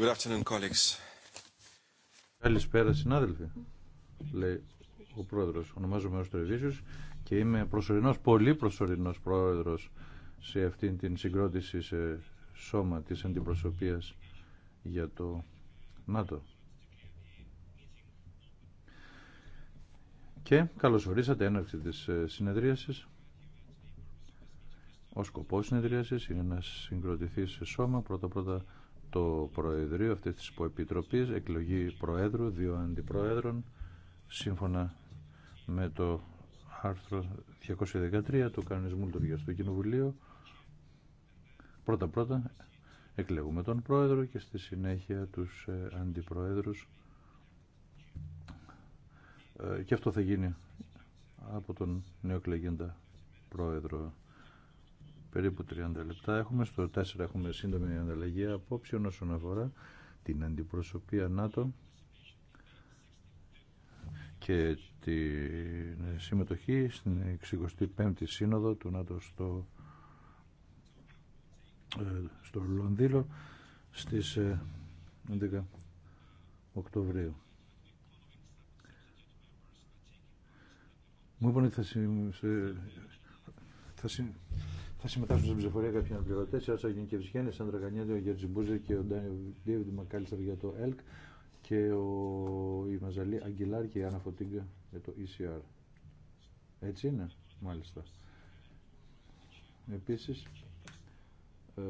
Good afternoon, colleagues. Καλησπέρα συνάδελφοι, λέει ο πρόεδρο. Ονομάζομαι ως και είμαι προσωρινό, πολύ προσωρινό πρόεδρο σε αυτήν την συγκρότηση σε σώμα τη αντιπροσωπεία για το ΝΑΤΟ. Και καλώς ορίσατε έναρξη της ε, συνεδρίασης. Ο σκοπός συνεδρίασης είναι να συγκροτηθεί σε σώμα πρώτα-πρώτα το Προεδρείο αυτής της υποεπιτροπής, εκλογή Προέδρου, δύο αντιπροέδρων, σύμφωνα με το άρθρο 213 του Κανονισμού Λειτουργίας του Κοινοβουλίου. Πρώτα-πρώτα εκλεγούμε τον Πρόεδρο και στη συνέχεια τους ε, αντιπροέδρους ε, και αυτό θα γίνει από τον νεοκλεγέντα Πρόεδρο περίπου 30 λεπτά. Έχουμε στο 4 έχουμε σύντομη ανταλλαγή απόψεων όσον αφορά την αντιπροσωπεία ΝΑΤΟ και τη συμμετοχή στην 65η Σύνοδο του ΝΑΤΟ στο, ε, στο Λονδίνο στις 11 ε, Οκτωβρίου. Μου είπαν ότι θα, συ, θα συμμετάσχουν στην ψηφορία κάποιοι αναπληρωτέ, η Άτσα Γενικευζιέννη, ο Σάντρα ο Γιώργη Μπούζε και ο Ντέιβιντ Μακάλιστερ για το ΕΛΚ και ο... η Μαζαλή Αγγιλάρ και η Άννα Φωτίγκα για το ECR. Έτσι είναι, μάλιστα. Επίση, ε,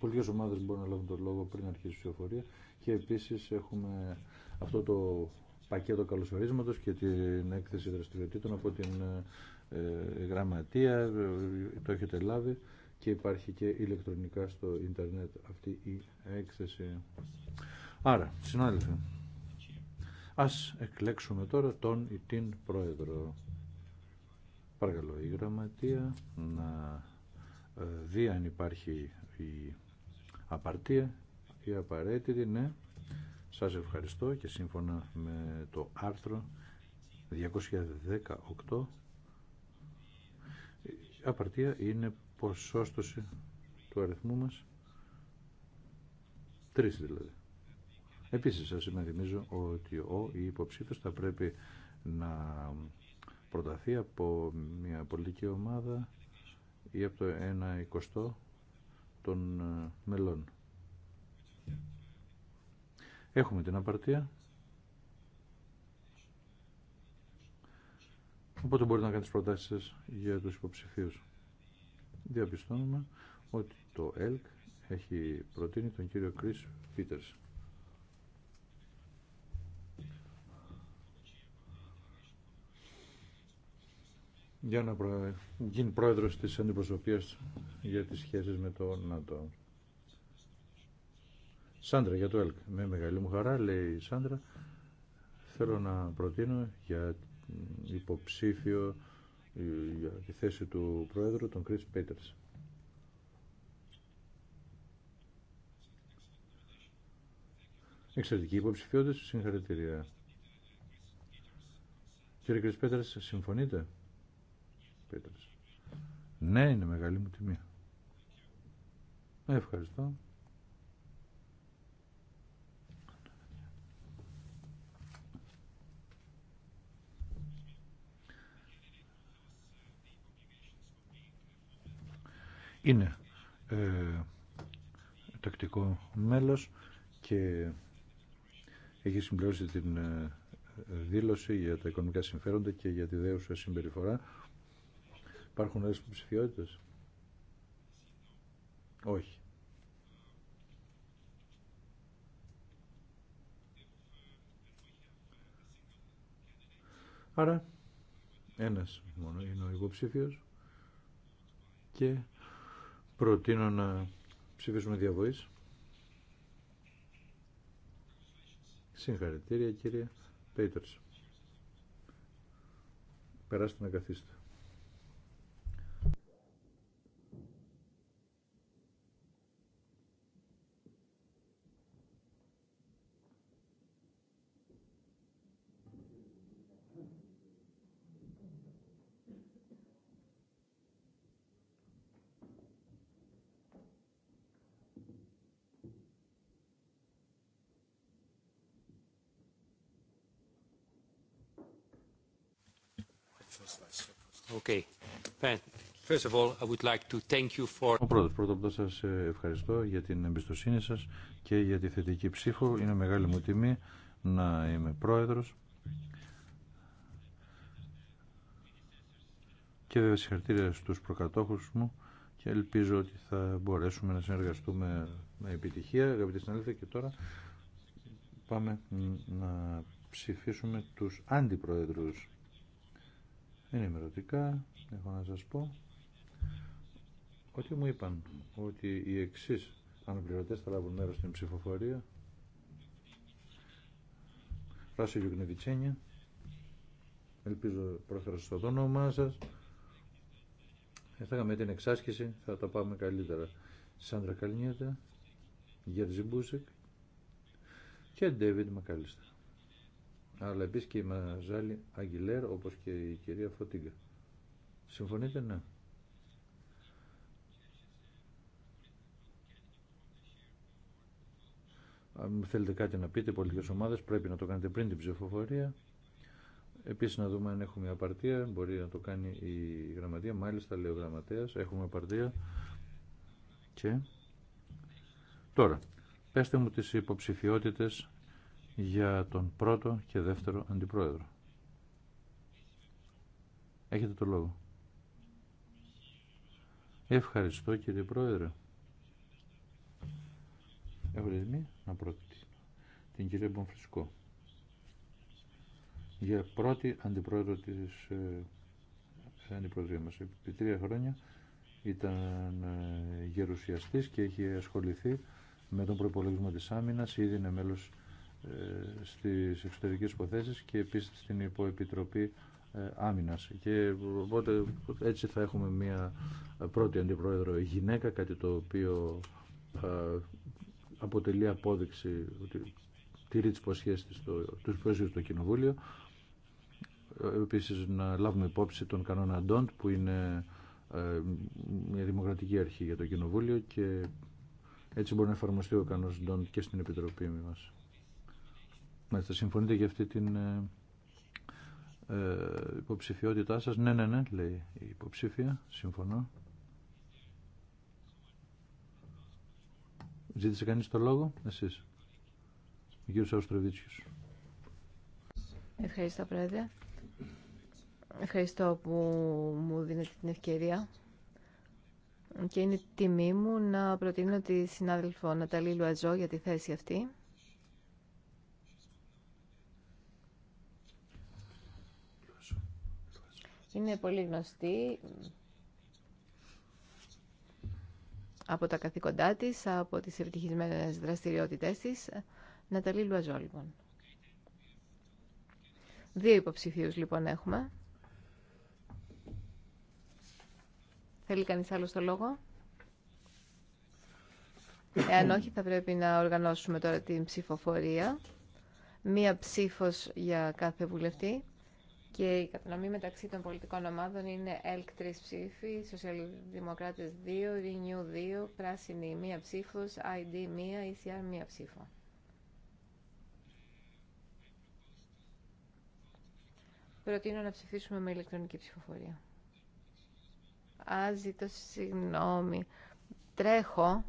πολλέ ομάδε μπορούν να λάβουν τον λόγο πριν αρχίσει η ψηφοφορία και επίση έχουμε αυτό το πακέτο καλωσορίσματο και την έκθεση δραστηριοτήτων από την ε, ε, γραμματεία, το έχετε λάβει και υπάρχει και ηλεκτρονικά στο ίντερνετ αυτή η έκθεση. Άρα, συνάδελφοι, ας εκλέξουμε τώρα τον ή την πρόεδρο. Παρακαλώ η γραμματεία να ε, δει αν υπάρχει η απαρτία, η απαραίτητη, ναι. Σας ευχαριστώ και σύμφωνα με το άρθρο 218 απαρτία είναι ποσόστοση του αριθμού μας. Τρεις δηλαδή. Επίσης σας υπενθυμίζω ότι ο ή υποψήφιος θα πρέπει να προταθεί από μια πολιτική ομάδα ή από το ένα εικοστό των ε, μελών. Έχουμε την απαρτία Οπότε μπορείτε να κάνετε τις προτάσεις σας για τους υποψηφίους. Διαπιστώνουμε ότι το ΕΛΚ έχει προτείνει τον κύριο Κρίς Πίτερς. για να γίνει πρόεδρος της αντιπροσωπείας για τις σχέσεις με το ΝΑΤΟ. Σάντρα για το ΕΛΚ. Με μεγάλη μου χαρά, λέει η Σάντρα, θέλω να προτείνω για υποψήφιο ε, για τη θέση του Πρόεδρου, τον Κρίς Πέτερς. Εξαιρετική υποψηφιότητα, συγχαρητήρια. Κύριε Κρίς Πέτερς, συμφωνείτε? Πέτερς. Ναι, είναι μεγάλη μου τιμή. Ευχαριστώ. είναι ε, τακτικό μέλος και έχει συμπληρώσει την ε, δήλωση για τα οικονομικά συμφέροντα και για τη δέουσα συμπεριφορά. Υπάρχουν άλλες ψηφιότητες. Όχι. Άρα, ένας μόνο είναι ο υποψήφιος και προτείνω να ψηφίσουμε διαβοής. Συγχαρητήρια κύριε Πέιτερς. Περάστε να καθίσετε. Okay. First of all, I would Ο πρώτος, πρώτα απ' σας ε, ευχαριστώ για την εμπιστοσύνη σας και για τη θετική ψήφο. Είναι μεγάλη μου τιμή να είμαι πρόεδρος. Και βέβαια συγχαρητήρια στους προκατόχους μου και ελπίζω ότι θα μπορέσουμε να συνεργαστούμε με επιτυχία. Αγαπητοί συνάδελφοι, και τώρα πάμε να ψηφίσουμε τους αντιπρόεδρους ενημερωτικά έχω να σας πω ότι μου είπαν ότι οι εξή αναπληρωτές θα λάβουν μέρος στην ψηφοφορία Ράσο Γιουγνεβιτσένια, ελπίζω πρόθερα στο όνομά σας ε, θα είχαμε την εξάσκηση θα τα πάμε καλύτερα Σάντρα Καλνιέτα Γερζιμπούσεκ και Ντέβιντ Μακάλιστα αλλά επίσης και η Μαζάλη Αγγιλέρ όπως και η κυρία Φωτίγκα. Συμφωνείτε, ναι. Αν θέλετε κάτι να πείτε, πολιτικές ομάδες, πρέπει να το κάνετε πριν την ψηφοφορία. Επίσης να δούμε αν έχουμε απαρτία, μπορεί να το κάνει η γραμματεία, μάλιστα λέει ο γραμματέας, έχουμε απαρτία. Και τώρα, πέστε μου τις υποψηφιότητες για τον πρώτο και δεύτερο αντιπρόεδρο. Έχετε το λόγο. Ευχαριστώ κύριε Πρόεδρε. Έχω την να πρώτη την κυρία Μπομφρισκό για πρώτη αντιπρόεδρο της ε, μα. μας. Επί τρία χρόνια ήταν ε, γερουσιαστής και έχει ασχοληθεί με τον προπολογισμό της άμυνας. Ήδη είναι μέλος ε, στις εξωτερικές υποθέσεις και επίσης στην Υποεπιτροπή ε, Άμυνας. Και οπότε έτσι θα έχουμε μια πρώτη αντιπρόεδρο γυναίκα, κάτι το οποίο ε, αποτελεί απόδειξη ότι τηρεί τις υποσχέσεις της, το, τους στο Κοινοβούλιο. Επίσης να λάβουμε υπόψη τον κανόνα Ντόντ που είναι μια δημοκρατική αρχή για το Κοινοβούλιο και έτσι μπορεί να εφαρμοστεί ο κανόνας Ντόντ και στην Επιτροπή μας. Μάλιστα, συμφωνείτε για αυτή την ε, ε, υποψηφιότητά σας. Ναι, ναι, ναι, λέει η υποψήφια. Συμφωνώ. Ζήτησε κανείς το λόγο, εσείς. Ο κύριος Αουστροβίτσιος. Ευχαριστώ, Πρόεδρε. Ευχαριστώ που μου δίνετε την ευκαιρία. Και είναι τιμή μου να προτείνω τη συνάδελφο Ναταλή Λουαζό για τη θέση αυτή. είναι πολύ γνωστή από τα καθήκοντά της, από τις ευτυχισμένες δραστηριότητές της, Ναταλή Λουαζό, λοιπόν. Δύο υποψηφίους, λοιπόν, έχουμε. Θέλει κανείς άλλο το λόγο? Εάν όχι, θα πρέπει να οργανώσουμε τώρα την ψηφοφορία. Μία ψήφος για κάθε βουλευτή και η κατανομή μεταξύ των πολιτικών ομάδων είναι ΕΛΚ 3 ψήφοι, Σοσιαλδημοκράτε 2, Renew 2, Πράσινη 1 ψήφο, ID 1, ECR 1 ψήφο. Προτείνω να ψηφίσουμε με ηλεκτρονική ψηφοφορία. Α, ζητώ συγγνώμη. Τρέχω.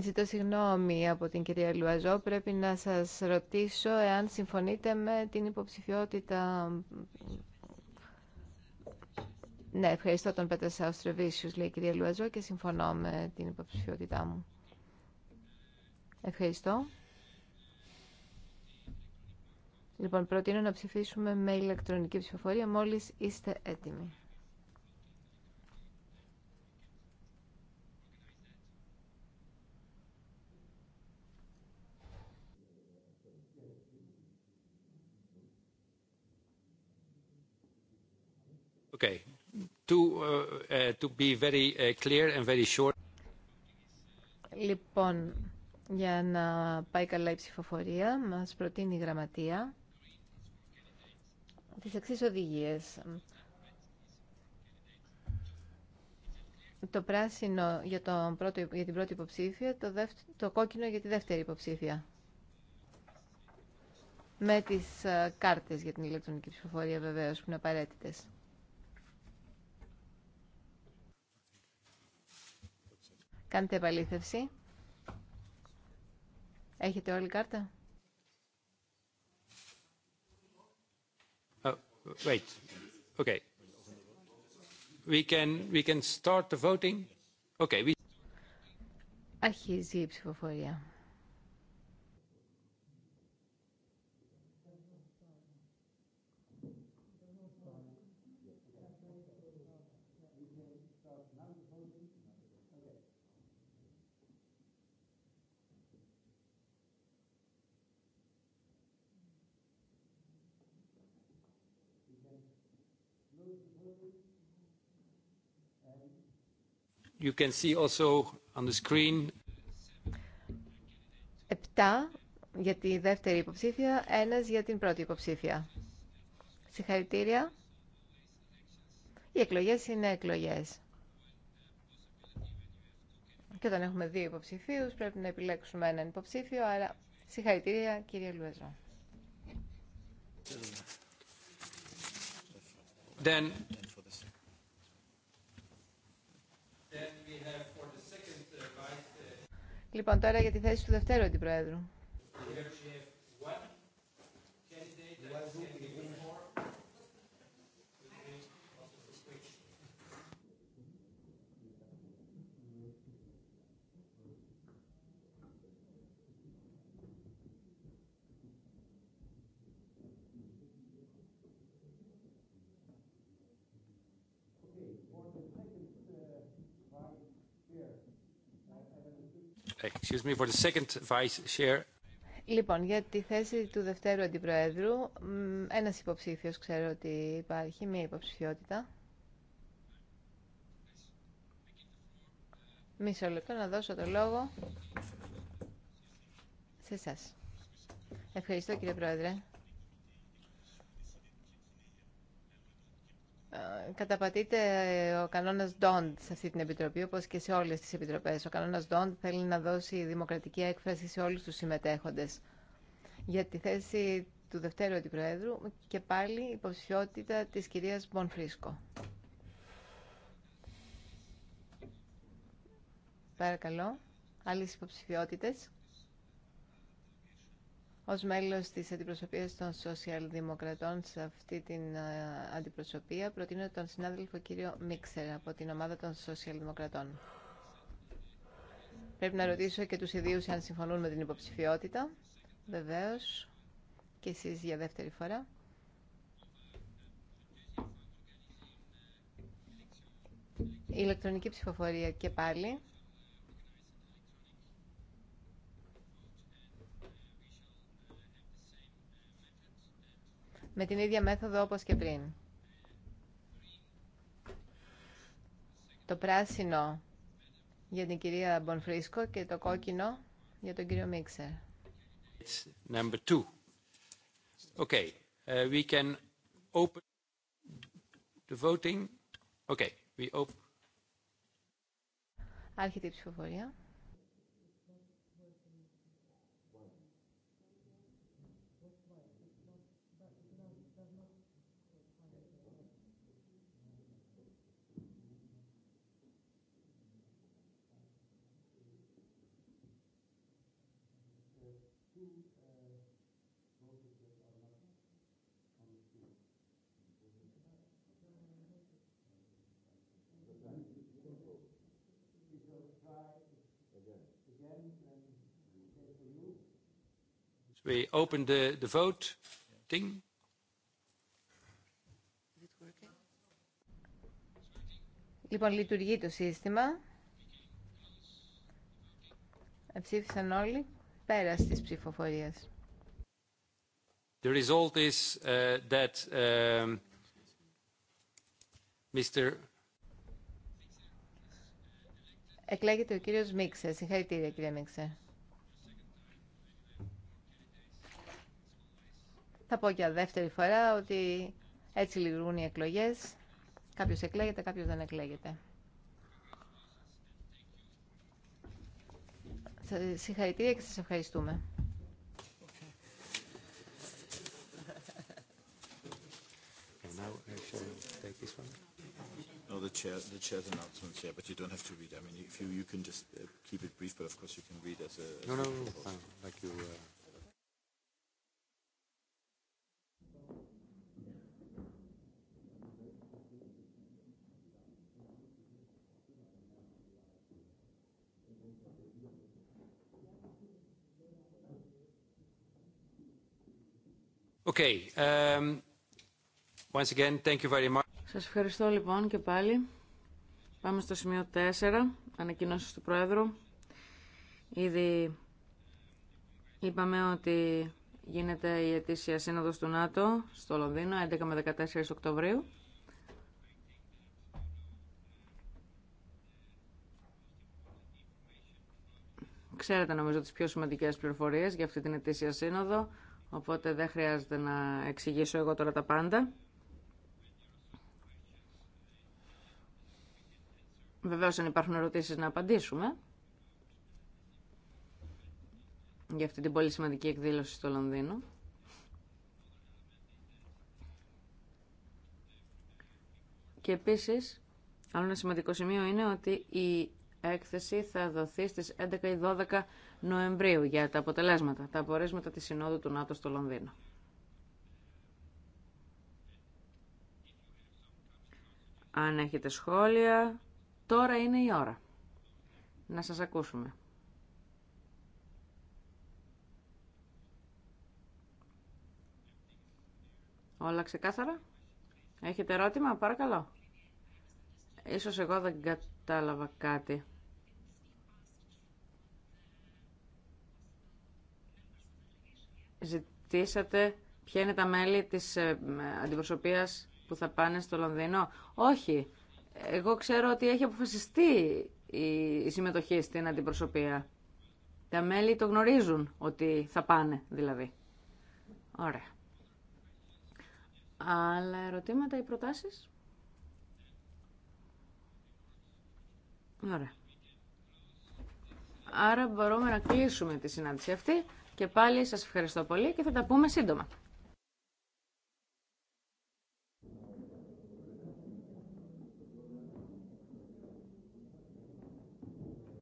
Ζητώ συγγνώμη από την κυρία Λουαζό. Πρέπει να σας ρωτήσω εάν συμφωνείτε με την υποψηφιότητα... Ναι, ευχαριστώ τον Πέτρα Σαουστρεβίσιους, λέει η κυρία Λουαζό, και συμφωνώ με την υποψηφιότητά μου. Ευχαριστώ. Λοιπόν, προτείνω να ψηφίσουμε με ηλεκτρονική ψηφοφορία μόλις είστε έτοιμοι. Okay. Uh, uh, to be very uh, clear and very short. Λοιπόν, για να πάει καλά η ψηφοφορία, μας προτείνει η Γραμματεία τις εξής οδηγίες. Το πράσινο για, πρώτο, για την πρώτη υποψήφια, το, το κόκκινο για τη δεύτερη υποψήφια. Με τις ε, κάρτες για την ηλεκτρονική ψηφοφορία βεβαίως που είναι απαραίτητες. Κάντε επαλήθευση. Έχετε όλη κάρτα. Oh, wait. Okay. We can, we can start the voting. Okay. We... Αρχίζει η ψηφοφορία. You can see also on the screen. Επτά για τη δεύτερη υποψήφια, ένας για την πρώτη υποψήφια. Συγχαρητήρια. Οι εκλογές είναι εκλογές. Και όταν έχουμε δύο υποψηφίους πρέπει να επιλέξουμε έναν υποψήφιο, άρα συγχαρητήρια κύριε Λουεζό. Then Λοιπόν, τώρα για τη θέση του δευτέρου αντιπροέδρου. Excuse me for the second vice chair. Λοιπόν, για τη θέση του δευτέρου αντιπροέδρου, ένας υποψήφιος ξέρω ότι υπάρχει, μία υποψηφιότητα. Μισό λεπτό να δώσω το λόγο σε εσά. Ευχαριστώ κύριε Πρόεδρε. καταπατείται ο κανόνας Don't σε αυτή την επιτροπή, όπως και σε όλες τις επιτροπές. Ο κανόνας Don't θέλει να δώσει δημοκρατική έκφραση σε όλους τους συμμετέχοντες. Για τη θέση του Δευτέρου Αντιπροέδρου και πάλι υποψηφιότητα της κυρίας Μπονφρίσκο. Παρακαλώ. άλλε υποψηφιότητε. Ως μέλος της αντιπροσωπείας των σοσιαλδημοκρατών σε αυτή την ε, αντιπροσωπεία προτείνω τον συνάδελφο κύριο Μίξερ από την ομάδα των σοσιαλδημοκρατών. Πρέπει να ρωτήσω και τους ιδίους αν συμφωνούν με την υποψηφιότητα. Βεβαίως. Και εσείς για δεύτερη φορά. Η ηλεκτρονική ψηφοφορία και πάλι. με την ίδια μέθοδο όπως και πριν. Το πράσινο για την κυρία Μπονφρίσκο και το κόκκινο για τον κύριο Μίξερ. Άρχεται η ψηφοφορία. We open the, the vote. Ding. Λοιπόν, λειτουργεί το σύστημα. Ψήφισαν όλοι. Πέρας της ψηφοφορίας. The result is uh, that Mr. Um, εκλέγεται ο κύριος Μίξε. Συγχαρητήρια κύριε Μίξε. Θα πω για δεύτερη φορά ότι έτσι λειτουργούν οι εκλογές. Κάποιος εκλέγεται, κάποιος δεν εκλέγεται. Συγχαρητήρια και σας ευχαριστούμε. Okay. Um, once again, thank you very much. Σας ευχαριστώ λοιπόν και πάλι. Πάμε στο σημείο 4, ανακοινώσεις του Πρόεδρου. Ήδη είπαμε ότι γίνεται η ετήσια σύνοδος του ΝΑΤΟ στο Λονδίνο, 11 με 14 Οκτωβρίου. Ξέρετε νομίζω τις πιο σημαντικές πληροφορίες για αυτή την ετήσια σύνοδο. Οπότε δεν χρειάζεται να εξηγήσω εγώ τώρα τα πάντα. Βεβαίως αν υπάρχουν ερωτήσεις να απαντήσουμε για αυτή την πολύ σημαντική εκδήλωση στο Λονδίνο. Και επίσης, άλλο ένα σημαντικό σημείο είναι ότι η έκθεση θα δοθεί στις 11 ή 12 Νοεμβρίου για τα αποτελέσματα, τα απορίσματα της Συνόδου του ΝΑΤΟ στο Λονδίνο. Αν έχετε σχόλια, τώρα είναι η ώρα. Να σας ακούσουμε. Όλα ξεκάθαρα. Έχετε ερώτημα, παρακαλώ. Ίσως εγώ δεν κατάλαβα κάτι. Ζητήσατε ποια είναι τα μέλη της ε, αντιπροσωπείας που θα πάνε στο Λονδίνο. Όχι. Εγώ ξέρω ότι έχει αποφασιστεί η συμμετοχή στην αντιπροσωπεία. Τα μέλη το γνωρίζουν ότι θα πάνε, δηλαδή. Ωραία. Άλλα ερωτήματα ή προτάσεις? Ωραία. Άρα μπορούμε να κλείσουμε τη συνάντηση αυτή. Και πάλι σας ευχαριστώ πολύ και θα τα πούμε σύντομα.